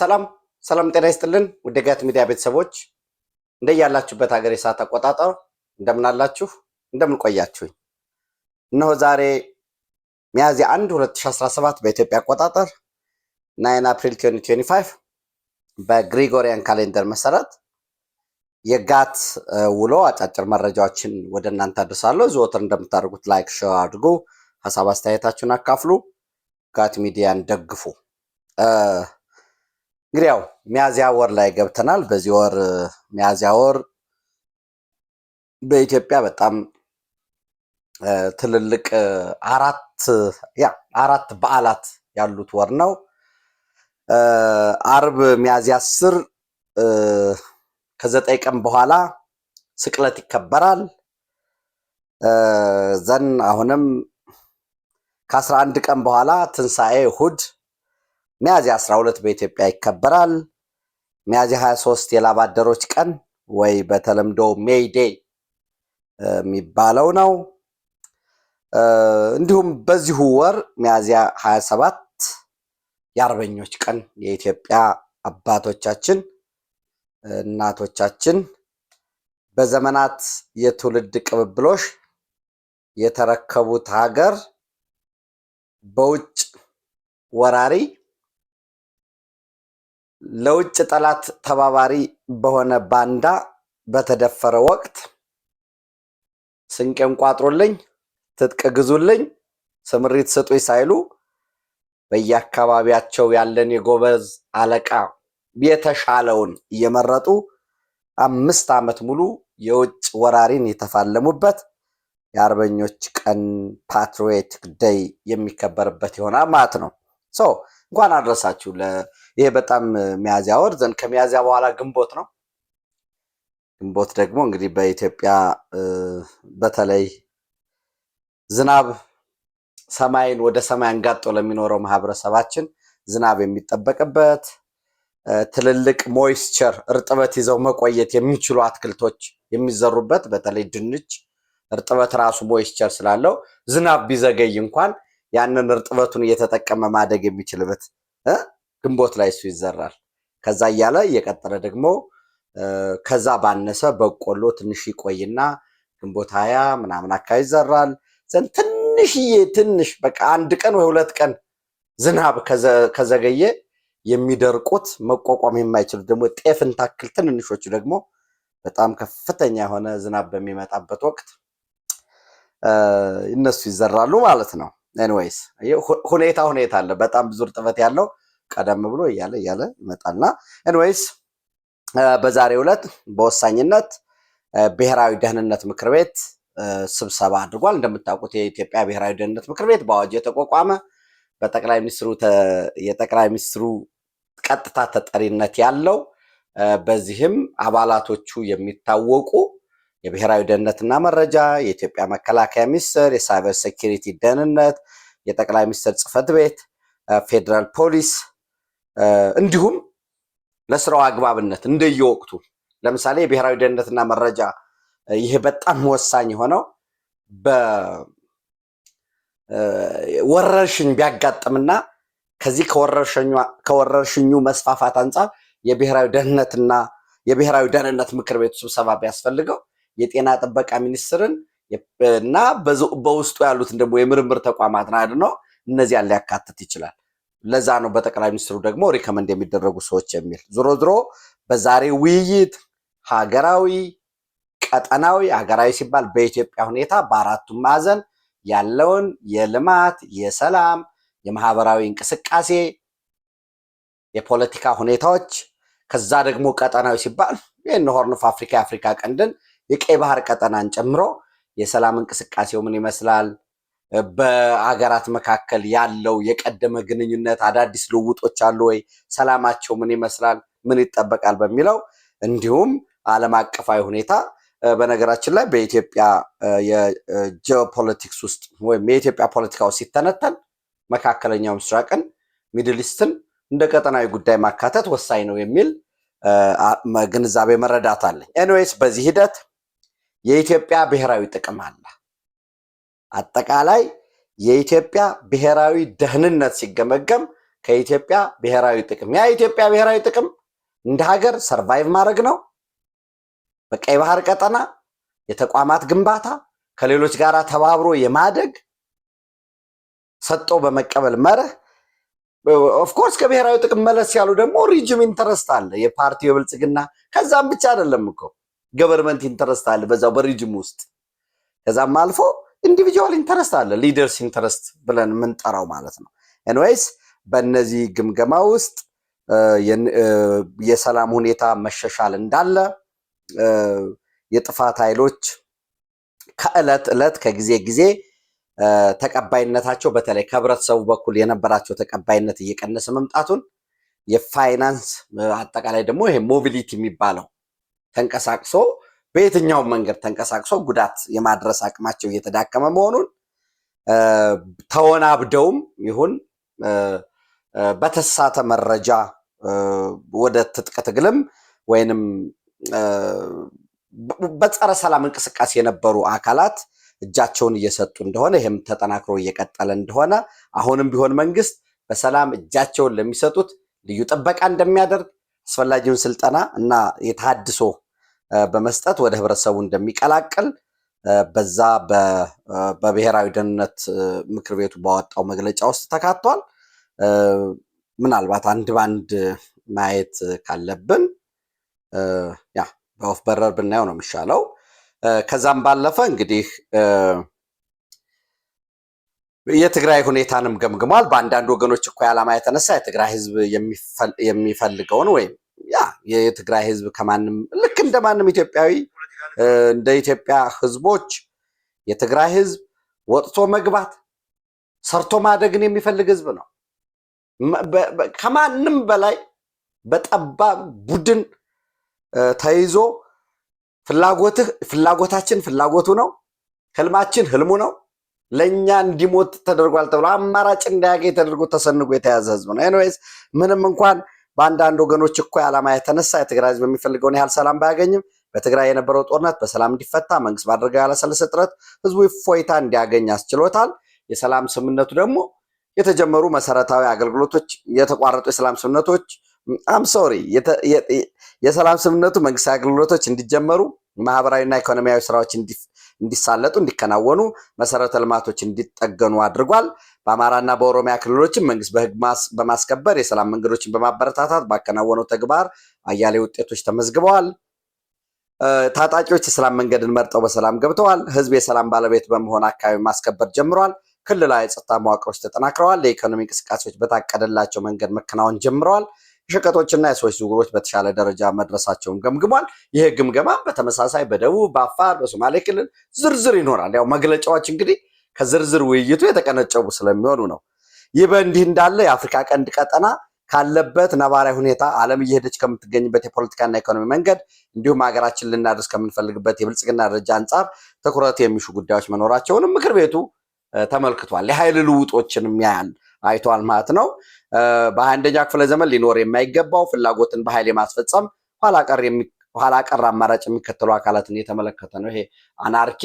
ሰላም ሰላም፣ ጤና ይስጥልን ውድ ጋት ሚዲያ ቤተሰቦች እንደያላችሁበት ሀገር የሰዓት አቆጣጠር እንደምን አላችሁ? እንደምን ቆያችሁኝ? እነሆ ዛሬ ሚያዝያ 1 2017 በኢትዮጵያ አቆጣጠር 9 አፕሪል 2025 በግሪጎሪያን ካሌንደር መሰረት የጋት ውሎ አጫጭር መረጃዎችን ወደ እናንተ አድርሳለሁ። ዘወትር እንደምታደርጉት ላይክ፣ ሼር አድርጉ፣ ሀሳብ አስተያየታችሁን አካፍሉ፣ ጋት ሚዲያን ደግፉ። እንግዲህ ያው ሚያዚያ ወር ላይ ገብተናል። በዚህ ወር ሚያዚያ ወር በኢትዮጵያ በጣም ትልልቅ አራት ያ አራት በዓላት ያሉት ወር ነው። አርብ ሚያዚያ አስር ከዘጠኝ ቀን በኋላ ስቅለት ይከበራል። ዘን አሁንም ከአስራ አንድ ቀን በኋላ ትንሣኤ እሁድ ሚያዝያ 12 በኢትዮጵያ ይከበራል። ሚያዝያ 23 የላብ አደሮች ቀን ወይ በተለምዶ ሜይ ዴይ የሚባለው ነው። እንዲሁም በዚሁ ወር ሚያዝያ 27 የአርበኞች ቀን የኢትዮጵያ አባቶቻችን እናቶቻችን በዘመናት የትውልድ ቅብብሎሽ የተረከቡት ሀገር በውጭ ወራሪ ለውጭ ጠላት ተባባሪ በሆነ ባንዳ በተደፈረ ወቅት ስንቄን ቋጥሮልኝ ትጥቅ ግዙልኝ ስምሪት ስጡኝ ሳይሉ በየአካባቢያቸው ያለን የጎበዝ አለቃ የተሻለውን እየመረጡ አምስት ዓመት ሙሉ የውጭ ወራሪን የተፋለሙበት የአርበኞች ቀን ፓትሪዮቲክ ደይ የሚከበርበት ይሆናል ማለት ነው። እንኳን አድረሳችሁ ይሄ በጣም ሚያዚያ ወር ዘንድ ከሚያዚያ በኋላ ግንቦት ነው። ግንቦት ደግሞ እንግዲህ በኢትዮጵያ በተለይ ዝናብ ሰማይን ወደ ሰማይ አንጋጦ ለሚኖረው ማህበረሰባችን ዝናብ የሚጠበቅበት ትልልቅ ሞይስቸር እርጥበት ይዘው መቆየት የሚችሉ አትክልቶች የሚዘሩበት በተለይ ድንች እርጥበት ራሱ ሞይስቸር ስላለው ዝናብ ቢዘገይ እንኳን ያንን እርጥበቱን እየተጠቀመ ማደግ የሚችልበት ግንቦት ላይ እሱ ይዘራል። ከዛ እያለ እየቀጠለ ደግሞ ከዛ ባነሰ በቆሎ ትንሽ ይቆይና ግንቦት ሀያ ምናምን አካባቢ ይዘራል። ዘንድ ትንሽዬ ትንሽ በቃ አንድ ቀን ወይ ሁለት ቀን ዝናብ ከዘገየ የሚደርቁት መቋቋም የማይችሉት ደግሞ ጤፍን ታክል ትንንሾቹ ደግሞ በጣም ከፍተኛ የሆነ ዝናብ በሚመጣበት ወቅት እነሱ ይዘራሉ ማለት ነው። ኤኒዌይስ ሁኔታ ሁኔታ አለ። በጣም ብዙ እርጥበት ያለው ቀደም ብሎ እያለ እያለ ይመጣልና ኤንዌይስ በዛሬው ዕለት በወሳኝነት ብሔራዊ ደህንነት ምክር ቤት ስብሰባ አድርጓል። እንደምታውቁት የኢትዮጵያ ብሔራዊ ደህንነት ምክር ቤት በአዋጅ የተቋቋመ በጠቅላይ ሚኒስትሩ የጠቅላይ ሚኒስትሩ ቀጥታ ተጠሪነት ያለው በዚህም አባላቶቹ የሚታወቁ የብሔራዊ ደህንነትና መረጃ፣ የኢትዮጵያ መከላከያ ሚኒስትር የሳይበር ሴኪሪቲ ደህንነት፣ የጠቅላይ ሚኒስትር ጽህፈት ቤት፣ ፌዴራል ፖሊስ እንዲሁም ለስራው አግባብነት እንደየወቅቱ ለምሳሌ የብሔራዊ ደህንነትና መረጃ ይሄ በጣም ወሳኝ የሆነው በወረርሽኝ ቢያጋጥምና ከዚህ ከወረርሽኙ መስፋፋት አንጻር የብሔራዊ ደህንነትና የብሔራዊ ደህንነት ምክር ቤቱ ስብሰባ ቢያስፈልገው የጤና ጥበቃ ሚኒስትርን እና በውስጡ ያሉትን ደግሞ የምርምር ተቋማትን አድነው እነዚያን ሊያካትት ይችላል። ለዛ ነው በጠቅላይ ሚኒስትሩ ደግሞ ሪከመንድ የሚደረጉ ሰዎች የሚል ዞሮ ዞሮ በዛሬ ውይይት ሀገራዊ፣ ቀጠናዊ፣ ሀገራዊ ሲባል በኢትዮጵያ ሁኔታ በአራቱ ማዕዘን ያለውን የልማት፣ የሰላም፣ የማህበራዊ እንቅስቃሴ፣ የፖለቲካ ሁኔታዎች ከዛ ደግሞ ቀጠናዊ ሲባል ይህን ሆርን ኦፍ አፍሪካ የአፍሪካ ቀንድን የቀይ ባህር ቀጠናን ጨምሮ የሰላም እንቅስቃሴው ምን ይመስላል በአገራት መካከል ያለው የቀደመ ግንኙነት አዳዲስ ልውጦች አሉ ወይ? ሰላማቸው ምን ይመስላል? ምን ይጠበቃል? በሚለው እንዲሁም ዓለም አቀፋዊ ሁኔታ በነገራችን ላይ በኢትዮጵያ የጂኦፖለቲክስ ውስጥ ወይም የኢትዮጵያ ፖለቲካ ውስጥ ሲተነተን መካከለኛው ምስራቅን፣ ሚድልስትን እንደ ቀጠናዊ ጉዳይ ማካተት ወሳኝ ነው የሚል ግንዛቤ መረዳት አለኝ። ኤኒዌይስ በዚህ ሂደት የኢትዮጵያ ብሔራዊ ጥቅም አለ። አጠቃላይ የኢትዮጵያ ብሔራዊ ደህንነት ሲገመገም ከኢትዮጵያ ብሔራዊ ጥቅም ያ የኢትዮጵያ ብሔራዊ ጥቅም እንደ ሀገር ሰርቫይቭ ማድረግ ነው። በቀይ ባህር ቀጠና የተቋማት ግንባታ፣ ከሌሎች ጋር ተባብሮ የማደግ ሰጦ በመቀበል መርህ ኦፍኮርስ ከብሔራዊ ጥቅም መለስ ያሉ ደግሞ ሪጅም ኢንተረስት አለ። የፓርቲው የብልጽግና ከዛም ብቻ አይደለም እኮ ገቨርንመንት ኢንተረስት አለ በዛው በሪጅም ውስጥ ከዛም አልፎ ኢንዲቪጁዋል ኢንተረስት አለ ሊደርስ ኢንተረስት ብለን የምንጠራው ማለት ነው። ኤንዌይስ በእነዚህ ግምገማ ውስጥ የሰላም ሁኔታ መሸሻል እንዳለ የጥፋት ኃይሎች ከእለት እለት ከጊዜ ጊዜ ተቀባይነታቸው በተለይ ከህብረተሰቡ በኩል የነበራቸው ተቀባይነት እየቀነሰ መምጣቱን የፋይናንስ አጠቃላይ ደግሞ ይሄ ሞቢሊቲ የሚባለው ተንቀሳቅሶ በየትኛውም መንገድ ተንቀሳቅሶ ጉዳት የማድረስ አቅማቸው እየተዳከመ መሆኑን ተወናብደውም ይሁን በተሳተ መረጃ ወደ ትጥቅ ትግልም ወይንም በጸረ ሰላም እንቅስቃሴ የነበሩ አካላት እጃቸውን እየሰጡ እንደሆነ ይህም ተጠናክሮ እየቀጠለ እንደሆነ አሁንም ቢሆን መንግስት በሰላም እጃቸውን ለሚሰጡት ልዩ ጥበቃ እንደሚያደርግ አስፈላጊውን ስልጠና እና የተሃድሶ በመስጠት ወደ ህብረተሰቡ እንደሚቀላቅል በዛ በብሔራዊ ደህንነት ምክር ቤቱ ባወጣው መግለጫ ውስጥ ተካቷል። ምናልባት አንድ ባንድ ማየት ካለብን ያ በወፍ በረር ብናየው ነው የሚሻለው። ከዛም ባለፈ እንግዲህ የትግራይ ሁኔታንም ገምግሟል። በአንዳንድ ወገኖች እኮ ዓላማ የተነሳ የትግራይ ህዝብ የሚፈልገውን ወይም ያ የትግራይ ህዝብ ከማንም እንደማንም ኢትዮጵያዊ እንደ ኢትዮጵያ ህዝቦች የትግራይ ህዝብ ወጥቶ መግባት ሰርቶ ማደግን የሚፈልግ ህዝብ ነው። ከማንም በላይ በጠባብ ቡድን ተይዞ ፍላጎትህ ፍላጎታችን ፍላጎቱ ነው፣ ህልማችን ህልሙ ነው፣ ለእኛ እንዲሞት ተደርጓል ተብሎ አማራጭ እንዳያገኝ ተደርጎ ተሰንጎ የተያዘ ህዝብ ነው። ኤኒዌይስ ምንም እንኳን በአንዳንድ ወገኖች እኮ የዓላማ የተነሳ የትግራይ ህዝብ የሚፈልገውን ያህል ሰላም ባያገኝም በትግራይ የነበረው ጦርነት በሰላም እንዲፈታ መንግስት ባደረገው ያለሰለሰ ጥረት ህዝቡ እፎይታ እንዲያገኝ አስችሎታል። የሰላም ስምምነቱ ደግሞ የተጀመሩ መሰረታዊ አገልግሎቶች፣ የተቋረጡ የሰላም ስምምነቶች ሶሪ የሰላም ስምምነቱ መንግስታዊ አገልግሎቶች እንዲጀመሩ፣ ማህበራዊና ኢኮኖሚያዊ ስራዎች እንዲሳለጡ፣ እንዲከናወኑ፣ መሰረተ ልማቶች እንዲጠገኑ አድርጓል። በአማራና በኦሮሚያ ክልሎችም መንግስት በህግ በማስከበር የሰላም መንገዶችን በማበረታታት ባከናወነው ተግባር አያሌ ውጤቶች ተመዝግበዋል። ታጣቂዎች የሰላም መንገድን መርጠው በሰላም ገብተዋል። ህዝብ የሰላም ባለቤት በመሆን አካባቢ ማስከበር ጀምረዋል። ክልላዊ የጸጥታ መዋቅሮች ተጠናክረዋል። የኢኮኖሚ እንቅስቃሴዎች በታቀደላቸው መንገድ መከናወን ጀምረዋል። የሸቀጦችና የሰዎች ዝውውሮች በተሻለ ደረጃ መድረሳቸውን ገምግሟል። ይህ ግምገማ በተመሳሳይ በደቡብ፣ በአፋር፣ በሶማሌ ክልል ዝርዝር ይኖራል። ያው መግለጫዎች እንግዲህ ከዝርዝር ውይይቱ የተቀነጨቡ ስለሚሆኑ ነው። ይህ በእንዲህ እንዳለ የአፍሪካ ቀንድ ቀጠና ካለበት ነባራዊ ሁኔታ ዓለም እየሄደች ከምትገኝበት የፖለቲካና ኢኮኖሚ መንገድ እንዲሁም ሀገራችን ልናደርስ ከምንፈልግበት የብልጽግና ደረጃ አንጻር ትኩረት የሚሹ ጉዳዮች መኖራቸውንም ምክር ቤቱ ተመልክቷል። የኃይል ልውጦችን ያያል አይቷል ማለት ነው። በሃያ አንደኛ ክፍለ ዘመን ሊኖር የማይገባው ፍላጎትን በኃይል የማስፈጸም ኋላ ቀር አማራጭ የሚከተሉ አካላትን የተመለከተ ነው ይሄ አናርኪ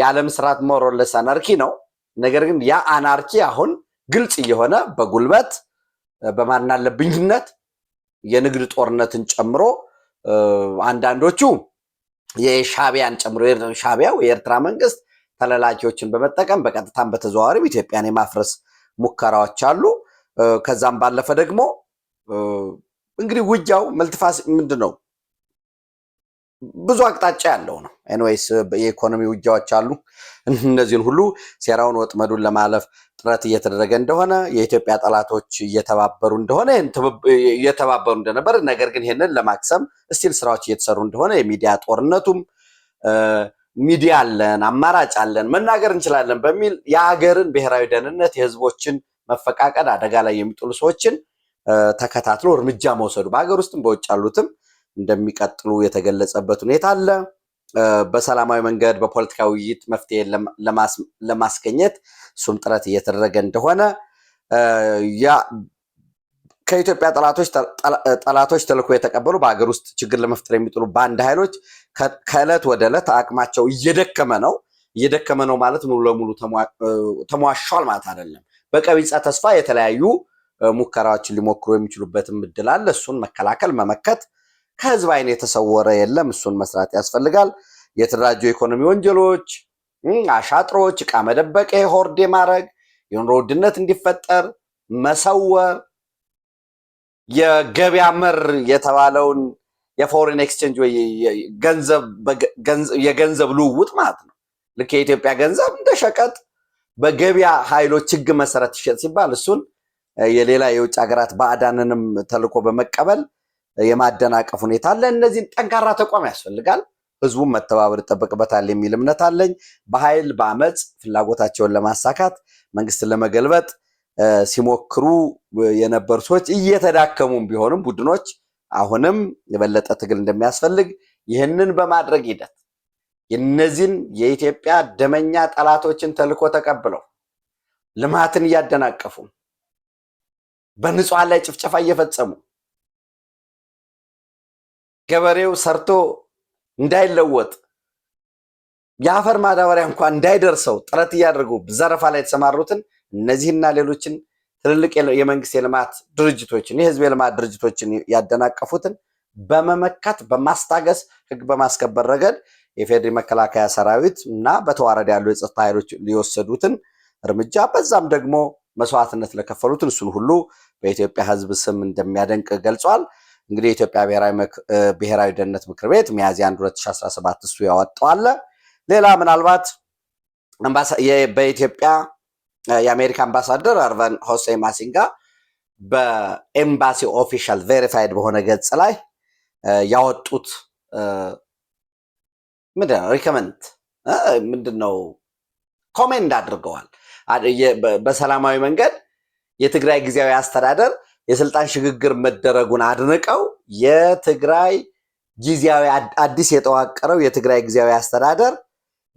የዓለም ስርዓት ሞሮለስ አናርኪ ነው። ነገር ግን ያ አናርኪ አሁን ግልጽ እየሆነ በጉልበት በማናለብኝነት የንግድ ጦርነትን ጨምሮ አንዳንዶቹ የሻቢያን ጨምሮ ሻቢያው የኤርትራ መንግስት ተለላኪዎችን በመጠቀም በቀጥታም በተዘዋዋሪም ኢትዮጵያን የማፍረስ ሙከራዎች አሉ። ከዛም ባለፈ ደግሞ እንግዲህ ውጊያው መልትፋስ ምንድን ነው? ብዙ አቅጣጫ ያለው ነው። ኤንዌይስ የኢኮኖሚ ውጊያዎች አሉ። እነዚህን ሁሉ ሴራውን፣ ወጥመዱን ለማለፍ ጥረት እየተደረገ እንደሆነ የኢትዮጵያ ጠላቶች እየተባበሩ እንደሆነ እየተባበሩ እንደነበር ነገር ግን ይህንን ለማክሰም እስቲል ስራዎች እየተሰሩ እንደሆነ የሚዲያ ጦርነቱም ሚዲያ አለን፣ አማራጭ አለን፣ መናገር እንችላለን በሚል የሀገርን ብሔራዊ ደህንነት የህዝቦችን መፈቃቀድ አደጋ ላይ የሚጥሉ ሰዎችን ተከታትሎ እርምጃ መውሰዱ በሀገር ውስጥም በውጭ ያሉትም እንደሚቀጥሉ የተገለጸበት ሁኔታ አለ። በሰላማዊ መንገድ በፖለቲካዊ ውይይት መፍትሄ ለማስገኘት እሱም ጥረት እየተደረገ እንደሆነ ያ ከኢትዮጵያ ጠላቶች ተልኮ የተቀበሉ በሀገር ውስጥ ችግር ለመፍጠር የሚጥሉ ባንድ ኃይሎች ከእለት ወደ ዕለት አቅማቸው እየደከመ ነው። እየደከመ ነው ማለት ሙሉ ለሙሉ ተሟሿል ማለት አይደለም። በቀቢጸ ተስፋ የተለያዩ ሙከራዎችን ሊሞክሩ የሚችሉበትም እድል አለ። እሱን መከላከል መመከት ከህዝብ አይን የተሰወረ የለም። እሱን መስራት ያስፈልጋል። የተደራጁ የኢኮኖሚ ወንጀሎች፣ አሻጥሮች፣ እቃ መደበቅ፣ ሆርዴ ማድረግ፣ የኑሮ ውድነት እንዲፈጠር መሰወር፣ የገበያ መር የተባለውን የፎሬን ኤክስቼንጅ ወይ የገንዘብ ልውውጥ ማለት ነው። ልክ የኢትዮጵያ ገንዘብ እንደ ሸቀጥ በገበያ ኃይሎች ህግ መሰረት ይሸጥ ሲባል እሱን የሌላ የውጭ ሀገራት ባዕዳንንም ተልኮ በመቀበል የማደናቀፍ ሁኔታ አለ። እነዚህን ጠንካራ ተቋም ያስፈልጋል። ህዝቡም መተባበር ይጠበቅበታል የሚል እምነት አለኝ። በኃይል በአመፅ ፍላጎታቸውን ለማሳካት መንግስትን ለመገልበጥ ሲሞክሩ የነበሩ ሰዎች እየተዳከሙም ቢሆንም ቡድኖች አሁንም የበለጠ ትግል እንደሚያስፈልግ ይህንን በማድረግ ሂደት የነዚህን የኢትዮጵያ ደመኛ ጠላቶችን ተልዕኮ ተቀብለው ልማትን እያደናቀፉ በንጹሐን ላይ ጭፍጨፋ እየፈጸሙ ገበሬው ሰርቶ እንዳይለወጥ የአፈር ማዳበሪያ እንኳን እንዳይደርሰው ጥረት እያደረጉ ዘረፋ ላይ የተሰማሩትን እነዚህና ሌሎችን ትልልቅ የመንግስት የልማት ድርጅቶችን የህዝብ የልማት ድርጅቶችን ያደናቀፉትን በመመካት በማስታገስ ህግ በማስከበር ረገድ የፌዴሪ መከላከያ ሰራዊት እና በተዋረድ ያሉ የጸጥታ ኃይሎች ሊወሰዱትን እርምጃ በዛም ደግሞ መስዋዕትነት ለከፈሉትን እሱን ሁሉ በኢትዮጵያ ህዝብ ስም እንደሚያደንቅ ገልጿል። እንግዲህ የኢትዮጵያ ብሔራዊ ደህንነት ምክር ቤት ሚያዝያ 1 2017 እሱ ያወጣው አለ። ሌላ ምናልባት በኢትዮጵያ የአሜሪካ አምባሳደር አርቨን ሆሴ ማሲንጋ በኤምባሲ ኦፊሻል ቬሪፋይድ በሆነ ገጽ ላይ ያወጡት ምንድን ነው ሪኮመንድ ምንድን ነው ኮሜንድ አድርገዋል። በሰላማዊ መንገድ የትግራይ ጊዜያዊ አስተዳደር የስልጣን ሽግግር መደረጉን አድንቀው የትግራይ ጊዜያዊ አዲስ የተዋቀረው የትግራይ ጊዜያዊ አስተዳደር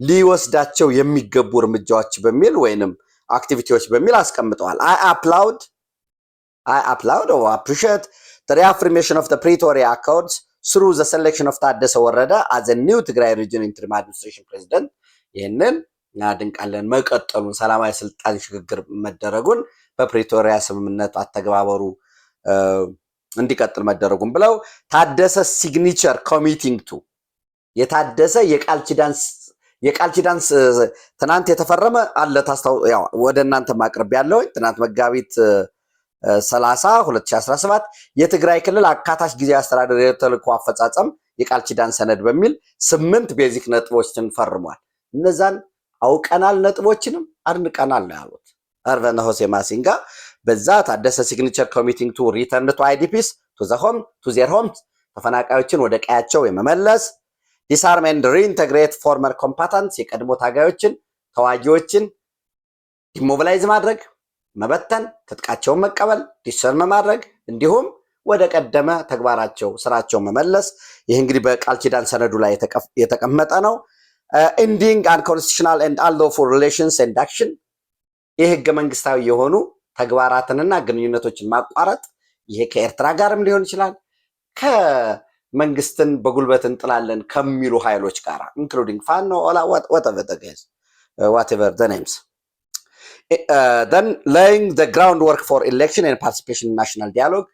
ሊወስዳቸው የሚገቡ እርምጃዎች በሚል ወይንም አክቲቪቲዎች በሚል አስቀምጠዋል። አይ አፕላውድ አይ አፕላውድ ኦ አፕሪሺየት ዘ ሪአፍርሜሽን ኦፍ ዘ ፕሪቶሪያ አኮርድስ ስሩ ዘ ሰሌክሽን ኦፍ ታደሰ ወረደ አዘ ኒው ትግራይ ሪጅን ኢንትሪም አድሚኒስትሬሽን ፕሬዚደንት ይህንን እናድንቃለን። መቀጠሉን ሰላማዊ ስልጣን ሽግግር መደረጉን በፕሪቶሪያ ስምምነት አተገባበሩ እንዲቀጥል መደረጉን ብለው ታደሰ ሲግኒቸር ኮሚቲንግ ቱ የታደሰ የቃል ኪዳን ትናንት የተፈረመ አለ። ያው ወደ እናንተ ማቅረብ ያለው ትናንት መጋቢት 30 2017 የትግራይ ክልል አካታች ጊዜ አስተዳደር የተልእኮ አፈጻጸም የቃል ኪዳን ሰነድ በሚል ስምንት ቤዚክ ነጥቦችን ፈርሟል። እነዛን አውቀናል፣ ነጥቦችንም አድንቀናል ነው ያሉት። ርቨነ ሆሴ ማሲንጋ በዛ ታደሰ ሲግኒቸር ኮሚቲንግ ቱ ሪተርን ቱ አይዲፒስ ቱ ዘ ሆም ቱ ዜር ሆም ተፈናቃዮችን ወደ ቀያቸው የመመለስ ዲስአርም ኤንድ ሪኢንተግሬት ፎርመር ኮምፓታንስ የቀድሞ ታጋዮችን ተዋጊዎችን ዲሞቢላይዝ ማድረግ መበተን፣ ትጥቃቸውን መቀበል፣ ዲሰርም ማድረግ እንዲሁም ወደ ቀደመ ተግባራቸው ስራቸው መመለስ። ይህ እንግዲህ በቃል ኪዳን ሰነዱ ላይ የተቀመጠ ነው። ኢንዲንግ አንኮንስቲቱሽናል ኤንድ አንሎፉል ሪሌሽንስ ኤንድ አክሽን ይህ መንግስታዊ የሆኑ ተግባራትንና ግንኙነቶችን ማቋረጥ ይሄ ከኤርትራ ጋርም ሊሆን ይችላል ከመንግስትን በጉልበት እንጥላለን ከሚሉ ኃይሎች ጋር ኢንክሉዲንግ ፋኖ ኦላ ዋቴቨር ኔምስ ን ላይንግ ግራውንድ ወርክ ፎር ኤሌክሽን ፓርቲሲፔሽን ናሽናል ዲያሎግ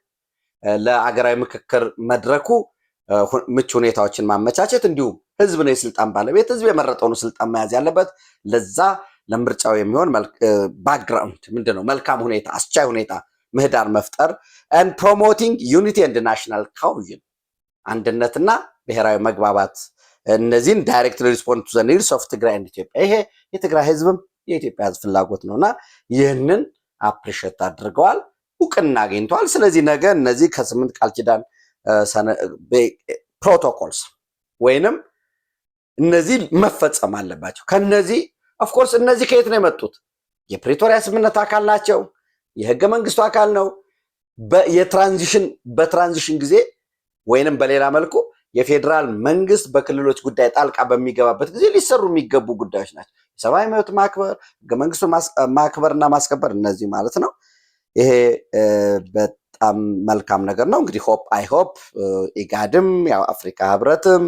ለአገራዊ ምክክር መድረኩ ምቹ ሁኔታዎችን ማመቻቸት፣ እንዲሁም ህዝብ ነው የስልጣን ባለቤት። ህዝብ የመረጠውን ስልጣን መያዝ ያለበት ለዛ ለምርጫው የሚሆን ባክግራውንድ ምንድነው? መልካም ሁኔታ፣ አስቻይ ሁኔታ ምህዳር መፍጠር ን ፕሮሞቲንግ ዩኒቲ ንድ ናሽናል ካውዥን አንድነትና ብሔራዊ መግባባት እነዚህን ዳይሬክት ሪስፖንድ ቱ ኒድስ ኦፍ ትግራይ ንድ ኢትዮጵያ። ይሄ የትግራይ ህዝብም የኢትዮጵያ ህዝብ ፍላጎት ነውና ይህንን አፕሪሼት አድርገዋል፣ እውቅና አግኝተዋል። ስለዚህ ነገ እነዚህ ከስምንት ቃል ኪዳን ፕሮቶኮልስ ወይንም እነዚህ መፈጸም አለባቸው። ከነዚህ ኦፍኮርስ እነዚህ ከየት ነው የመጡት? የፕሪቶሪያ ስምምነት አካል ናቸው። የህገ መንግስቱ አካል ነው። የትራንዚሽን በትራንዚሽን ጊዜ ወይንም በሌላ መልኩ የፌዴራል መንግስት በክልሎች ጉዳይ ጣልቃ በሚገባበት ጊዜ ሊሰሩ የሚገቡ ጉዳዮች ናቸው። የሰብአዊ መብት ማክበር፣ ህገ መንግስቱን ማክበርና ማስከበር እነዚህ ማለት ነው። ይሄ በጣም መልካም ነገር ነው። እንግዲህ ሆፕ አይ ሆፕ ኢጋድም ያው አፍሪካ ህብረትም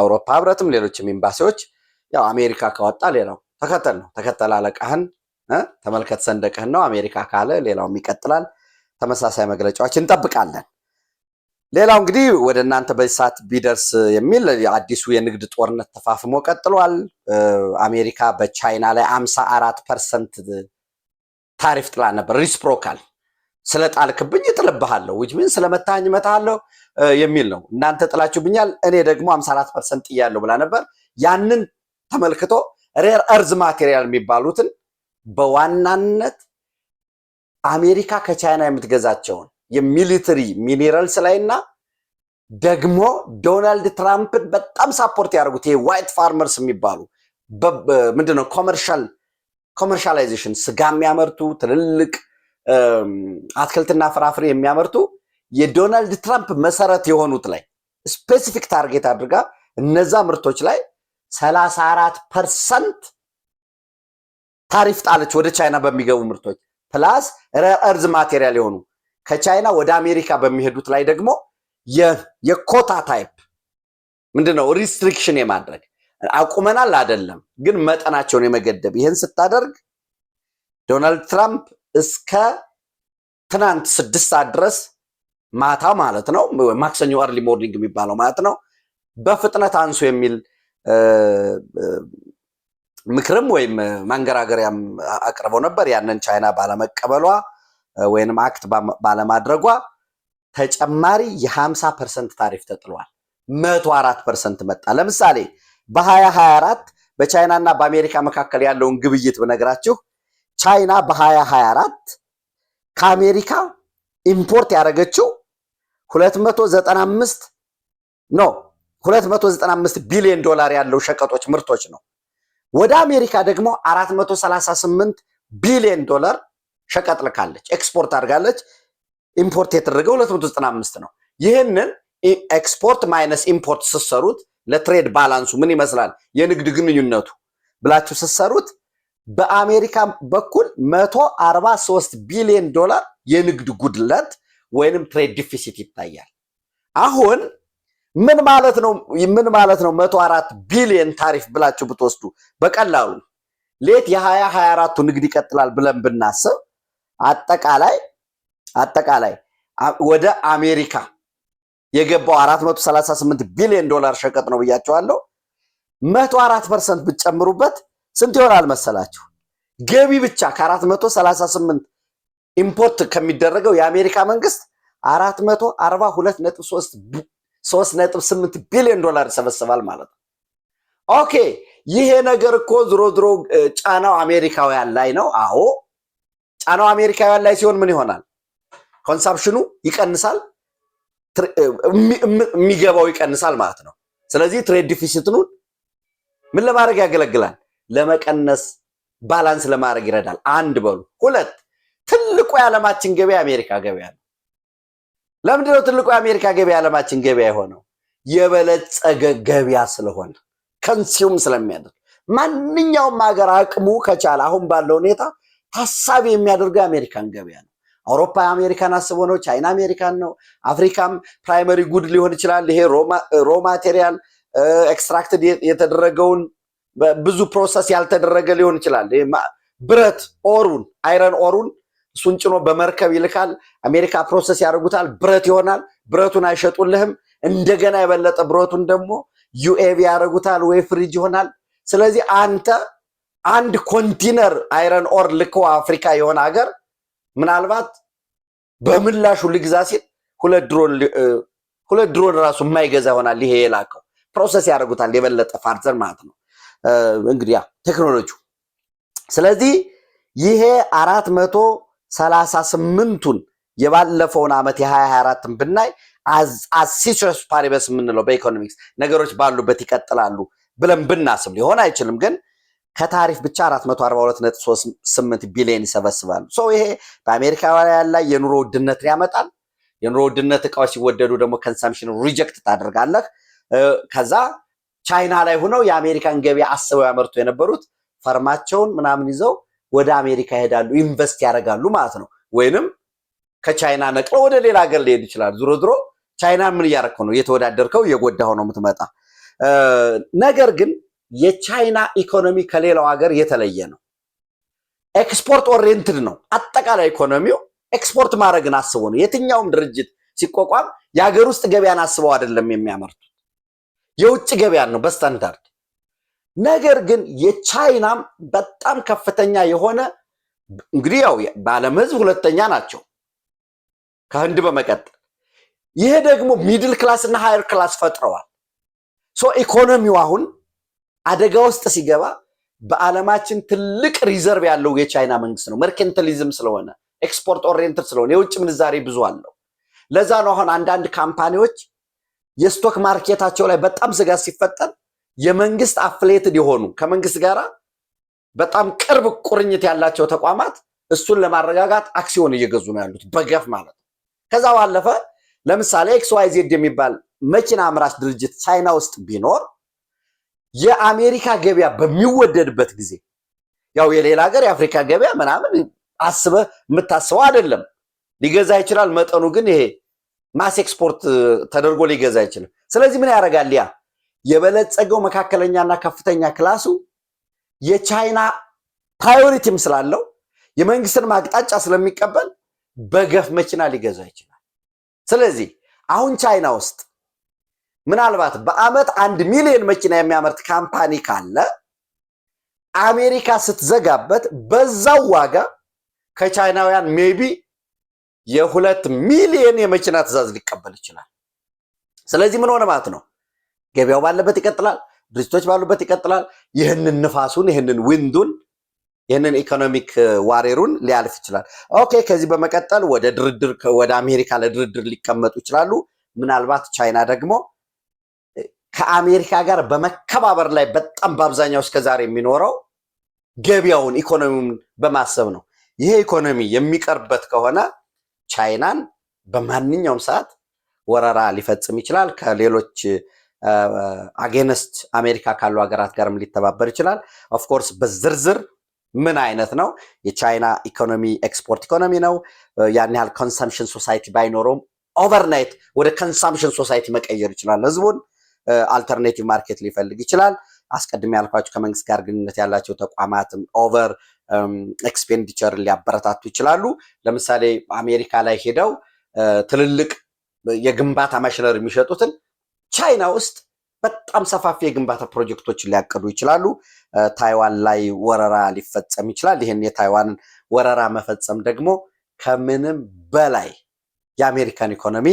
አውሮፓ ህብረትም ሌሎችም ኤምባሲዎች ያው አሜሪካ ከወጣ ሌላው ተከተል ነው። ተከተል አለቃህን፣ ተመልከት ሰንደቅህን ነው። አሜሪካ ካለ ሌላውም ይቀጥላል። ተመሳሳይ መግለጫዎች እንጠብቃለን። ሌላው እንግዲህ ወደ እናንተ በዚህ ሰዓት ቢደርስ የሚል አዲሱ የንግድ ጦርነት ተፋፍሞ ቀጥሏል። አሜሪካ በቻይና ላይ አምሳ አራት ፐርሰንት ታሪፍ ጥላ ነበር ሪስፕሮካል ስለ ጣልክብኝ እጥልብሃለሁ ዊች ሚን ስለ እመታሃለሁ የሚል ነው። እናንተ ጥላችሁብኛል እኔ ደግሞ 54 ፐርሰንት ጥያለሁ ብላ ነበር። ያንን ተመልክቶ ሬር እርዝ ማቴሪያል የሚባሉትን በዋናነት አሜሪካ ከቻይና የምትገዛቸውን የሚሊተሪ ሚኔራልስ ላይ እና ደግሞ ዶናልድ ትራምፕን በጣም ሳፖርት ያደርጉት ይሄ ዋይት ፋርመርስ የሚባሉ ምንድነው ኮመርሻላይዜሽን ስጋ የሚያመርቱ ትልልቅ አትክልትና ፍራፍሬ የሚያመርቱ የዶናልድ ትራምፕ መሰረት የሆኑት ላይ ስፔሲፊክ ታርጌት አድርጋ እነዛ ምርቶች ላይ 34 ፐርሰንት ታሪፍ ጣለች ወደ ቻይና በሚገቡ ምርቶች ፕላስ ሬር እርዝ ማቴሪያል የሆኑ ከቻይና ወደ አሜሪካ በሚሄዱት ላይ ደግሞ የኮታ ታይፕ ምንድነው ሪስትሪክሽን የማድረግ አቁመናል አይደለም፣ ግን መጠናቸውን የመገደብ ይህን ስታደርግ ዶናልድ ትራምፕ እስከ ትናንት ስድስት ሰዓት ድረስ ማታ ማለት ነው፣ ማክሰኞ አርሊ ሞርኒንግ የሚባለው ማለት ነው። በፍጥነት አንሱ የሚል ምክርም ወይም ማንገራገሪያም አቅርበው ነበር። ያንን ቻይና ባለመቀበሏ ወይንም አክት ባለማድረጓ ተጨማሪ የ50 ፐርሰንት ታሪፍ ተጥሏል። 104 ፐርሰንት መጣ። ለምሳሌ በ2024 በቻይናና በአሜሪካ መካከል ያለውን ግብይት ብነግራችሁ ቻይና በ2024 ከአሜሪካ ኢምፖርት ያደረገችው 295 ነው 295 ቢሊዮን ዶላር ያለው ሸቀጦች ምርቶች ነው። ወደ አሜሪካ ደግሞ 438 ቢሊዮን ዶላር ሸቀጥ ልካለች፣ ኤክስፖርት አድርጋለች። ኢምፖርት የተደረገ 295 ነው። ይህንን ኤክስፖርት ማይነስ ኢምፖርት ስትሰሩት ለትሬድ ባላንሱ ምን ይመስላል የንግድ ግንኙነቱ ብላችሁ ስትሰሩት በአሜሪካ በኩል 143 ቢሊዮን ዶላር የንግድ ጉድለት ወይንም ትሬድ ዲፊሲት ይታያል። አሁን ምን ማለት ነው? ምን ማለት ነው? 104 ቢሊዮን ታሪፍ ብላችሁ ብትወስዱ በቀላሉ ሌት የ2024ቱ ንግድ ይቀጥላል ብለን ብናስብ አጠቃላይ አጠቃላይ ወደ አሜሪካ የገባው 438 ቢሊዮን ዶላር ሸቀጥ ነው ብያቸዋለሁ። 104 ፐርሰንት ብትጨምሩበት ስንት ይሆናል መሰላችሁ? ገቢ ብቻ ከ438 ኢምፖርት ከሚደረገው የአሜሪካ መንግስት 442.3 ቢሊዮን ዶላር ይሰበስባል ማለት ነው። ኦኬ ይሄ ነገር እኮ ዝሮ ዝሮ ጫናው አሜሪካውያን ላይ ነው። አዎ ጫናው አሜሪካውያን ላይ ሲሆን ምን ይሆናል? ኮንሳምፕሽኑ ይቀንሳል፣ የሚገባው ይቀንሳል ማለት ነው። ስለዚህ ትሬድ ዲፊሲትኑን ምን ለማድረግ ያገለግላል? ለመቀነስ ባላንስ ለማድረግ ይረዳል። አንድ በሉ። ሁለት ትልቁ የዓለማችን ገበያ አሜሪካ ገበያ ነው። ለምንድነው ትልቁ የአሜሪካ ገበያ የዓለማችን ገበያ የሆነው? የበለጸገ ገበያ ስለሆነ ከንሲውም ስለሚያደርግ ማንኛውም ሀገር አቅሙ ከቻለ አሁን ባለው ሁኔታ ታሳቢ የሚያደርገው የአሜሪካን ገበያ ነው። አውሮፓ አሜሪካን አስቦ ነው። ቻይና አሜሪካን ነው። አፍሪካም ፕራይመሪ ጉድ ሊሆን ይችላል። ይሄ ሮ ማቴሪያል ኤክስትራክትድ የተደረገውን ብዙ ፕሮሰስ ያልተደረገ ሊሆን ይችላል። ብረት ኦሩን አይረን ኦሩን እሱን ጭኖ በመርከብ ይልካል። አሜሪካ ፕሮሰስ ያደርጉታል፣ ብረት ይሆናል። ብረቱን አይሸጡልህም። እንደገና የበለጠ ብረቱን ደግሞ ዩኤቪ ያደርጉታል ወይ ፍሪጅ ይሆናል። ስለዚህ አንተ አንድ ኮንቲነር አይረን ኦር ልኮ አፍሪካ የሆነ ሀገር ምናልባት በምላሹ ልግዛ ሲል ሁለት ድሮን ራሱ የማይገዛ ይሆናል። ይሄ የላከው ፕሮሰስ ያደርጉታል የበለጠ ፋርዘር ማለት ነው። እንግዲህ ያ ቴክኖሎጂ። ስለዚህ ይሄ አራት መቶ ሰላሳ ስምንቱን የባለፈውን ዓመት የ2024ን ብናይ አሲስ ፓሪበስ የምንለው በኢኮኖሚክስ ነገሮች ባሉበት ይቀጥላሉ ብለን ብናስብ ሊሆን አይችልም፣ ግን ከታሪፍ ብቻ 442.38 ቢሊዮን ይሰበስባሉ። ሰው ይሄ በአሜሪካውያን ላይ የኑሮ ውድነትን ያመጣል። የኑሮ ውድነት እቃዎች ሲወደዱ ደግሞ ከንሰምሽን ሪጀክት ታደርጋለህ። ከዛ ቻይና ላይ ሆነው የአሜሪካን ገበያ አስበው ያመርቱ የነበሩት ፈርማቸውን ምናምን ይዘው ወደ አሜሪካ ይሄዳሉ፣ ኢንቨስት ያደርጋሉ ማለት ነው። ወይንም ከቻይና ነቅለው ወደ ሌላ ሀገር ሊሄድ ይችላል። ዞሮ ዞሮ ቻይና ምን እያረከው ነው? እየተወዳደርከው የጎዳ ነው የምትመጣ። ነገር ግን የቻይና ኢኮኖሚ ከሌላው ሀገር የተለየ ነው። ኤክስፖርት ኦሪየንትድ ነው። አጠቃላይ ኢኮኖሚው ኤክስፖርት ማድረግን አስቦ ነው። የትኛውም ድርጅት ሲቋቋም የሀገር ውስጥ ገበያን አስበው አይደለም የሚያመርቱ የውጭ ገበያን ነው በስታንዳርድ። ነገር ግን የቻይናም በጣም ከፍተኛ የሆነ እንግዲህ ያው በዓለም ህዝብ ሁለተኛ ናቸው ከህንድ በመቀጠል። ይሄ ደግሞ ሚድል ክላስ እና ሃየር ክላስ ፈጥረዋል። ሶ ኢኮኖሚው አሁን አደጋ ውስጥ ሲገባ በዓለማችን ትልቅ ሪዘርቭ ያለው የቻይና መንግስት ነው። መርኬንታሊዝም ስለሆነ ኤክስፖርት ኦሪየንትድ ስለሆነ የውጭ ምንዛሬ ብዙ አለው። ለዛ ነው አሁን አንዳንድ ካምፓኒዎች የስቶክ ማርኬታቸው ላይ በጣም ስጋት ሲፈጠር የመንግስት አፍሌትድ የሆኑ ከመንግስት ጋር በጣም ቅርብ ቁርኝት ያላቸው ተቋማት እሱን ለማረጋጋት አክሲዮን እየገዙ ነው ያሉት በገፍ ማለት ነው። ከዛ ባለፈ ለምሳሌ ኤክስ ዋይ ዜድ የሚባል መኪና አምራች ድርጅት ቻይና ውስጥ ቢኖር የአሜሪካ ገበያ በሚወደድበት ጊዜ ያው የሌላ ሀገር የአፍሪካ ገበያ ምናምን አስበህ የምታስበው አይደለም ሊገዛ ይችላል። መጠኑ ግን ይሄ ማስ ኤክስፖርት ተደርጎ ሊገዛ አይችልም። ስለዚህ ምን ያደርጋል? ያ የበለጸገው መካከለኛና ከፍተኛ ክላሱ የቻይና ፕራዮሪቲም ስላለው የመንግስትን ማቅጣጫ ስለሚቀበል በገፍ መኪና ሊገዛ ይችላል። ስለዚህ አሁን ቻይና ውስጥ ምናልባት በአመት አንድ ሚሊዮን መኪና የሚያመርት ካምፓኒ ካለ አሜሪካ ስትዘጋበት በዛው ዋጋ ከቻይናውያን ሜቢ የሁለት ሚሊየን የመኪና ትዕዛዝ ሊቀበል ይችላል። ስለዚህ ምን ሆነ ማለት ነው? ገበያው ባለበት ይቀጥላል፣ ድርጅቶች ባሉበት ይቀጥላል። ይህንን ንፋሱን፣ ይህንን ዊንዱን፣ ይህንን ኢኮኖሚክ ዋሬሩን uh, ሊያልፍ ይችላል። ኦኬ። ከዚህ በመቀጠል ወደ ድርድር ወደ አሜሪካ ለድርድር ሊቀመጡ ይችላሉ። ምናልባት ቻይና ደግሞ ከአሜሪካ ጋር በመከባበር ላይ በጣም በአብዛኛው እስከዛሬ የሚኖረው ገበያውን ኢኮኖሚውን በማሰብ ነው። ይሄ ኢኮኖሚ የሚቀርበት ከሆነ ቻይናን በማንኛውም ሰዓት ወረራ ሊፈጽም ይችላል። ከሌሎች አጌነስት አሜሪካ ካሉ ሀገራት ጋርም ሊተባበር ይችላል። ኦፍኮርስ በዝርዝር ምን አይነት ነው የቻይና ኢኮኖሚ ኤክስፖርት ኢኮኖሚ ነው። ያን ያህል ኮንሰምሽን ሶሳይቲ ባይኖረውም ኦቨርናይት ወደ ኮንሰምሽን ሶሳይቲ መቀየር ይችላል። ህዝቡን አልተርኔቲቭ ማርኬት ሊፈልግ ይችላል። አስቀድሜ ያልኳቸው ከመንግስት ጋር ግንኙነት ያላቸው ተቋማትም ኦቨር ኤክስፔንዲቸር ሊያበረታቱ ይችላሉ። ለምሳሌ አሜሪካ ላይ ሄደው ትልልቅ የግንባታ ማሽነሪ የሚሸጡትን ቻይና ውስጥ በጣም ሰፋፊ የግንባታ ፕሮጀክቶችን ሊያቅዱ ይችላሉ። ታይዋን ላይ ወረራ ሊፈጸም ይችላል። ይህን የታይዋንን ወረራ መፈጸም ደግሞ ከምንም በላይ የአሜሪካን ኢኮኖሚ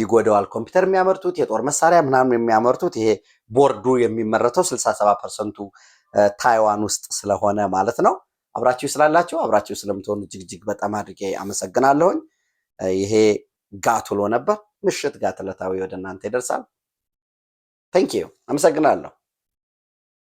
ይጎደዋል። ኮምፒውተር የሚያመርቱት የጦር መሳሪያ ምናምን የሚያመርቱት ይሄ ቦርዱ የሚመረተው 67 ፐርሰንቱ ታይዋን ውስጥ ስለሆነ ማለት ነው። አብራችሁ ስላላችሁ አብራችሁ ስለምትሆኑ እጅግ እጅግ በጣም አድርጌ አመሰግናለሁኝ። ይሄ ጋቱሎ ነበር። ምሽት ጋት ዕለታዊ ወደ እናንተ ይደርሳል። ቴንኪዩ አመሰግናለሁ።